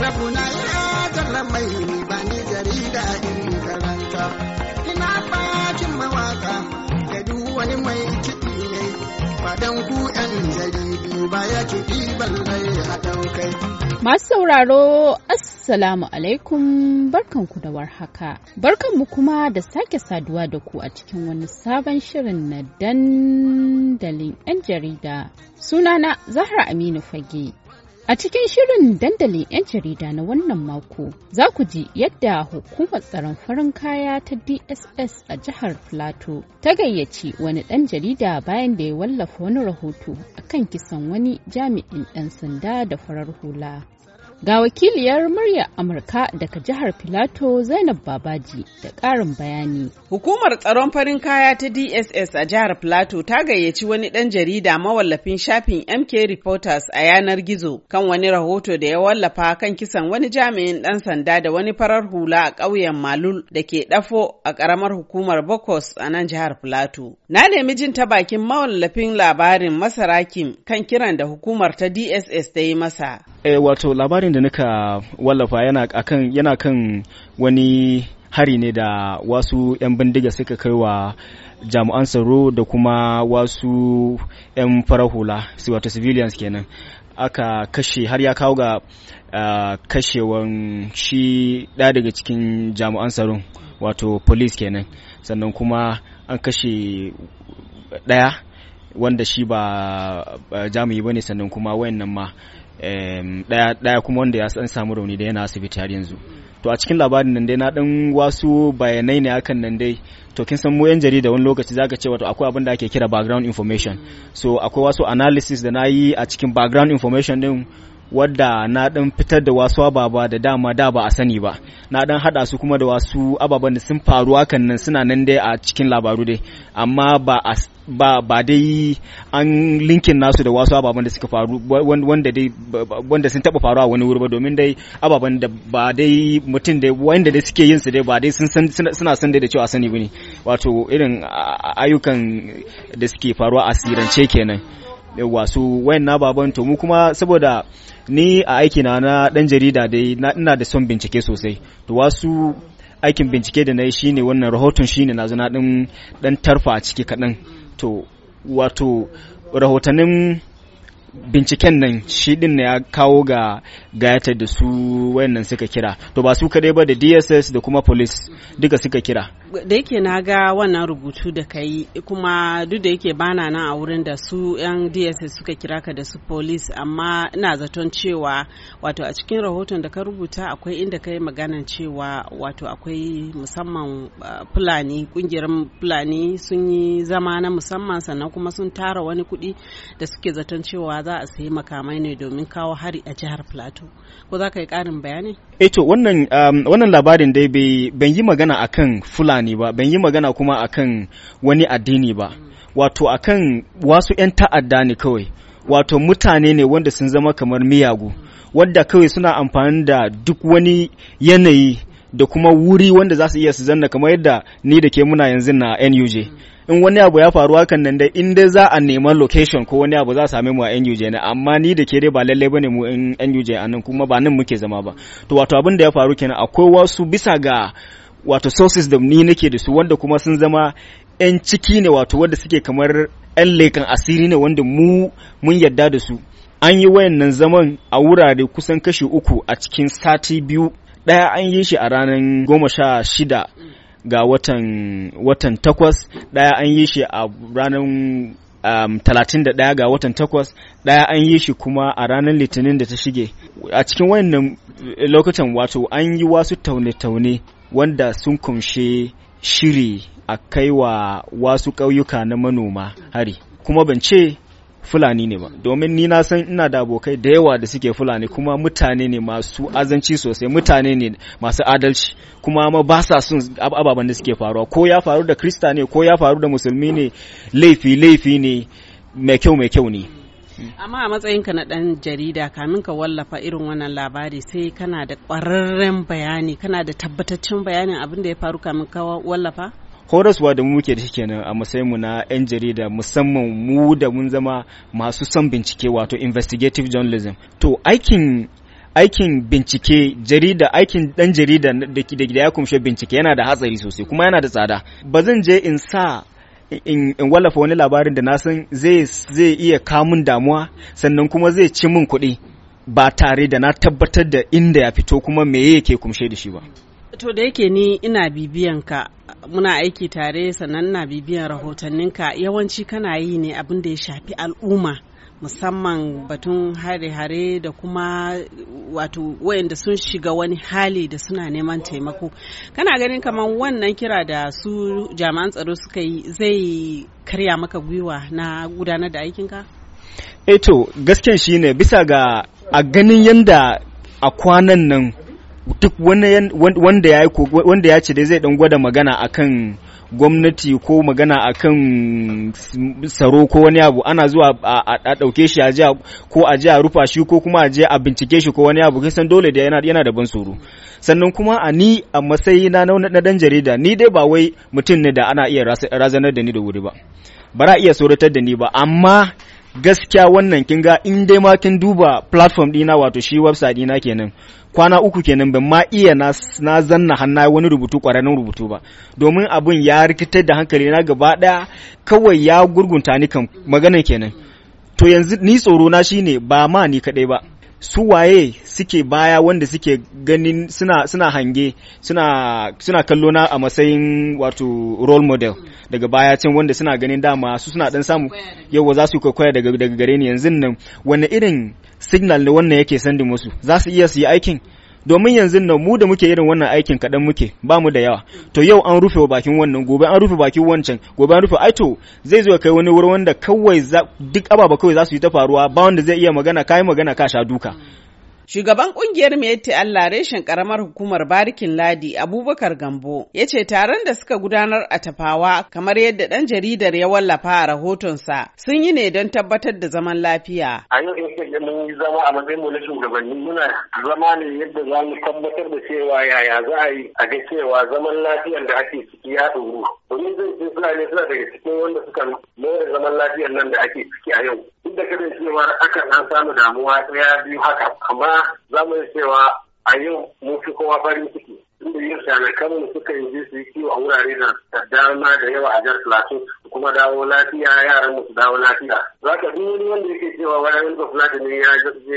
rabuna ya zarra mai ba ni jarida in karanta ina bakin mawaka da duk wani mai kiɗi ne dan ku yan jaridu ba ya kiɗi ballai a daukai masu sauraro Assalamu alaikum barkanku da warhaka. Barkanmu kuma da sake saduwa da ku a cikin wani sabon shirin na dandalin 'yan jarida. Sunana Zahra Aminu Fage. A cikin shirin dandalin 'yan jarida na wannan mako, za ku ji yadda hukumar tsaron farin kaya ta DSS a jihar Filato ta gayyaci wani ɗan jarida bayan da ya wallafa wani rahoto akan kisan wani jami'in ɗan sanda da farar hula. Ga wakiliyar murya Amurka daga jihar Filato Zainab Babaji da ƙarin bayani. Hukumar tsaron farin kaya ta DSS a jihar Filato ta gayyaci wani ɗan jarida mawallafin shafin MK Reporters a yanar gizo kan wani rahoto da ya wallafa kan kisan wani jami'in ɗan sanda da wani farar hula a ƙauyen Malul da ke ɗafo a ƙaramar hukumar Bokos a nan jihar Filato. Na nemi jin ta bakin mawallafin labarin Masarakin kan kiran da hukumar ta DSS ta yi masa. Eh, wato labarin labarin da nika wallafa yana akan yana kan wani hari ne da wasu 'yan bindiga suka kai wa jami'an tsaro da kuma wasu 'yan farahula hula wato civilians kenan aka kashe har ya kawo ga kashewan shi ɗaya daga cikin jami'an tsaron wato police kenan sannan kuma an kashe ɗaya wanda shi ba jami'i ba ne sannan kuma wayannan ma daya kuma wanda ya san samu rauni da yana asibiti har yanzu to a cikin labarin nan dai na dan wasu bayanai ne akan nan dai to kin san mu yan jarida wani lokaci zaka ce wato akwai abin da ake kira background information so akwai wasu analysis da na yi a cikin background information din wadda na dan fitar da wasu ababa da dama da ba a sani ba na dan hada su kuma da wasu ababen da sun faru hakan nan suna nan dai a cikin labaru dai amma ba ba ba dai an linkin nasu da wasu ababen da suka faru wanda dai wanda sun taba faruwa wani wuri ba domin dai ababen da ba dai mutum dai wanda dai suke yin su dai ba dai sun san suna san dai da cewa sani bane wato irin ayyukan da suke faruwa a sirance kenan yawa su wayan baban to mu kuma saboda ni a aiki na na dan jarida dai ina da son bincike sosai to wasu aikin bincike da na yi shine wannan rahoton shine na zana dan tarfa a ciki kaɗan to wato rahotannin binciken nan shi din ya kawo ga gayata da su wayannan suka kira to ba su kadai ba da dss da kuma police duka suka kira da yake na ga wannan rubutu da ka kuma duk da yake bana nan a wurin da su yan dss suka kira ka da su police amma ina zaton cewa wato a cikin rahoton da ka rubuta akwai inda ka yi maganan cewa wato akwai musamman uh, fulani kungiyar fulani sun yi zama na musamman sannan kuma sun tara wani kuɗi da suke zaton cewa za a sayi makamai ne domin kawo hari a jihar plateau ko za ka yi karin bayani eh to wannan um, wannan labarin dai ban yi magana akan fulani ba ban yi magana kuma akan wani addini ba wato kan wasu 'yan ta'adda ne kawai wato mutane ne wanda sun zama kamar miyagu wadda kawai suna amfani da duk wani yanayi da kuma wuri wanda za su iya su zanna kamar yadda ni da ke muna yanzu na NUJ in wani abu ya faru hakan nan dai in za a neman location ko wani abu za a same mu a NUJ ne amma ni da ke dai ba lallai bane mu in NUJ a nan kuma ba nan muke zama ba to wato abin da ya faru kenan akwai wasu bisa ga wato sources da ni nake da su wanda kuma sun zama 'yan ciki ne wato wanda suke kamar 'yan lekan asiri ne wanda mu mun yadda da su an yi wayannan zaman a wurare kusan kashi uku a cikin sati biyu ɗaya an yi shi a ranar goma sha shida ga watan takwas ɗaya an yi shi a ranar um, talatin da ɗaya ga watan takwas ɗaya an yi shi kuma a ranar litinin da ta shige a cikin wannan eh, lokutan wato an yi wasu taune-taune wanda sun kumshe shiri a kai wa wasu ƙauyuka na manoma hari kuma ban ce fulani ne ba domin ni na san ina da abokai da yawa da suke fulani kuma mutane ne masu azanci sosai mutane ne masu adalci kuma ma ba sa son ababen da suke faruwa ko ya faru da krista ne ko ya faru da musulmi ne laifi laifi ne mai kyau mai kyau ne amma a matsayin ka na ɗan jarida kamin ka wallafa irin wannan labari sai kana da ƙwararren bayani kana da tabbataccen bayanin abin da ya faru kamin ka wallafa horaswa da mu muke da shi kenan a matsayin mu na yan jarida musamman mu da mun zama masu son bincike wato investigative journalism to aikin aikin bincike jarida aikin dan jarida da da ya kumshe bincike yana da hatsari sosai kuma yana da tsada ba zan je in sa in, in wallafa wani labarin da na san zai zai iya kamun damuwa sannan kuma zai ci min kuɗi ba tare da na tabbatar da inda ya fito kuma me yake kumshe da shi ba to da yake ni ina bibiyan ka muna aiki tare sannan na bibiyan ka yawanci kana yi ne abin da ya shafi al'umma musamman batun hare-hare da kuma wato wayanda sun shiga wani hali da suna neman taimako kana ganin kamar wannan kira da su jami'an tsaro suka yi zai karya maka gwiwa na gudanar da aikinka? eto eh gasken shine bisa ga a ganin yadda a kwanan nan duk wanda ya wanda ya ce dai zai dan gwada magana akan gwamnati ko magana akan tsaro ko wani abu ana zuwa a dauke shi a jiya ko a jiya rufa shi ko kuma a jiya a bincike shi ko wani abu kin san dole da yana da ban tsoro sannan kuma a ni a matsayi na na dan jarida ni dai ba wai mutum ne da ana iya razanar da ni da wuri ba ba za iya soratar da ni ba amma gaskiya wannan kin ga in dai ma kin duba platform dina wato shi website dina kenan kwana uku kenan ban ma iya na, zanna hanna wani rubutu kwararren rubutu ba domin abin ya rikitar da hankali na gaba daya kawai ya gurgunta ni kan magana kenan to yanzu ni tsoro na shine ba ma ni kadai ba su waye suke baya wanda suke ganin suna suna hange suna suna kallo na a matsayin wato role model daga baya can wanda suna ganin dama su suna dan samu yawa za su kwaikwaya daga daga gare ni yanzu nan wanne irin signal ne wannan yake sandi musu za su iya su yi aikin domin yanzu nan mu da muke irin wannan aikin kaɗan muke ba mu da yawa to yau an rufe bakin wannan gobe an rufe bakin wancan gobe an rufe aito zai zo kai wani wurin wanda kawai duk ababa kawai za su yi ta faruwa ba wanda zai iya magana kai magana ka sha duka Shugaban kungiyar Mete Allah reshen karamar hukumar Barikin Ladi Abubakar Gambo ya ce taron da suka gudanar a tafawa kamar yadda ɗan jaridar ya wallafa a rahotonsa sun yi ne don tabbatar da zaman lafiya. A yau in da mun yi zama a matsayin mu na shugabanni muna zama ne yadda za mu tabbatar da cewa yaya za a yi a ga cewa zaman lafiyar da ake ciki ya ɗoru. domin zai ce suna ne suna daga cikin wanda suka more zaman lafiyar nan da ake ciki a yau duk da kada cewa aka an samu damuwa ɗaya biyu haka amma za mu cewa a yau mun fi kowa farin ciki inda yin shanakan suka yi je su yi kiwo a wurare da dama da yawa a jihar plateau kuma dawo lafiya yaran mu su dawo lafiya za ka duk wani wanda yake cewa wani da ne ya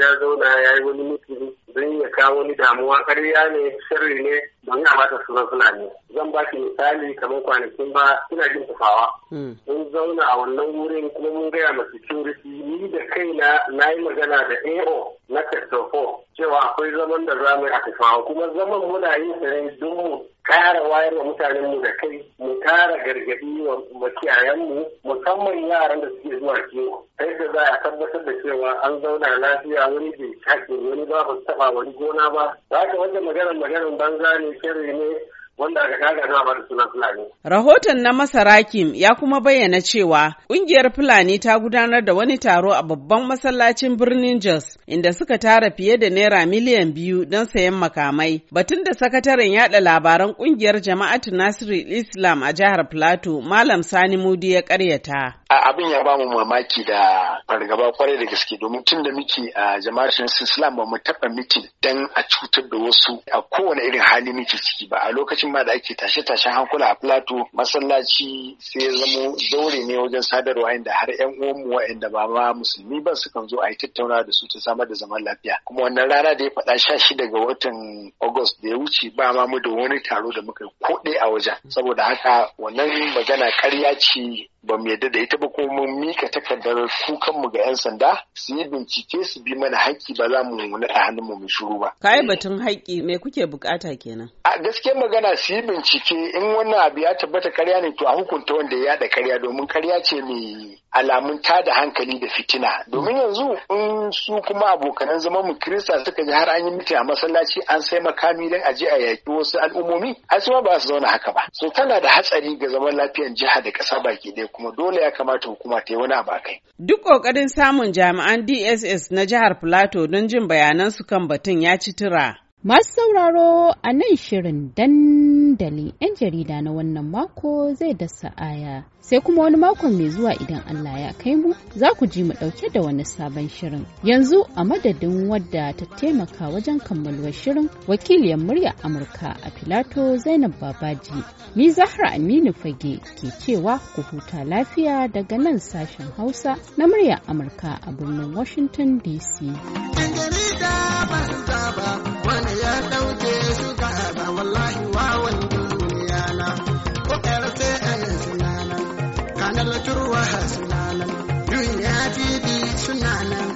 ya zauna ya yi wani mutum don ya kawo wani damuwa ƙarya ne sirri ne don ya mata su suna ne zan ba ki misali kamar kwanakin ba ina jin kufawa hmm. mun zauna a wannan wurin kuma mun gaya ma security ni da kai na yi magana da AO na Testofo cewa akwai zaman da za mu yi a kufawa kuma zaman muna yin sa don mu kara wayar wa mutanen mu da kai mu kara gargaɗi wa makiyayen mu musamman yaran da suke zuwa kiwo ta yadda za a tabbatar da cewa an zauna lafiya wani bai shaƙe wani ba ba taɓa wani gona ba za ka wajen maganar maganar banza ne Saturday night wanda aka kaga na bar sunan Fulani. Rahoton na Masarakim ya kuma bayyana cewa kungiyar Fulani ta gudanar da wani taro a babban masallacin birnin Jos inda suka tara fiye da naira miliyan biyu don sayan makamai. Batun da sakataren yada labaran kungiyar Jama'atu Nasiru Islam a jihar Plateau Malam Sani Mudi ya karyata. Abin ya bamu mamaki da fargaba kwarai da gaske domin tun da muke a Jama'atu Islam ba mu taɓa miki dan a cutar da wasu a kowane irin hali muke ciki ba a lokacin lokacin ma da ake tashe-tashen hankula a plato masallaci sai ya zamo zaure ne wajen sadarwa inda har yan uwanmu wa'inda ba ma musulmi ba sukan zo a yi tattauna da su ta samar da zaman lafiya kuma wannan rana da ya faɗa sha shida ga watan august da ya wuce ba ma mu da wani taro da muka yi ko a wajen saboda haka wannan magana karya ce ba mu yadda da ita ba ko mun mika takardar kukanmu ga 'yan sanda su yi bincike su bi mana haƙƙi ba za mu naɗa hannunmu mu shuru ba. Kayi batun haƙƙi me kuke bukata kenan? A gaske magana su yi bincike in wannan abu ya tabbata karya ne to a hukunta wanda ya yaɗa karya domin karya ce mai alamun tada hankali da fitina domin yanzu in su kuma abokanan zaman mu kirista suka ji har an yi miti a masallaci an sai makami don aje a yaƙi wasu al'ummomi Harsuma su ba su zauna haka ba so tana da hatsari ga zaman lafiyar jiha da ƙasa baki ɗaya kuma dole ya kamata hukuma ta yi wani abu kai duk ƙoƙarin samun jami'an DSS na jihar Plateau don jin bayanan su kan batun ya ci tura masu sauraro a nan shirin dan dandali 'yan jarida na wannan mako zai dasa aya. Sai kuma wani mako mai zuwa idan Allah ya kai mu za ku ji mu ɗauke da wani sabon shirin. Yanzu a madadin wadda ta taimaka wajen kammaluwar shirin wakiliyar murya Amurka a Filato Zainab Babaji. Ni Zahra Aminu Fage ke cewa ku huta lafiya daga nan sashen Hausa na murya Amurka a birnin Washington DC. wani ya ɗauke ruwa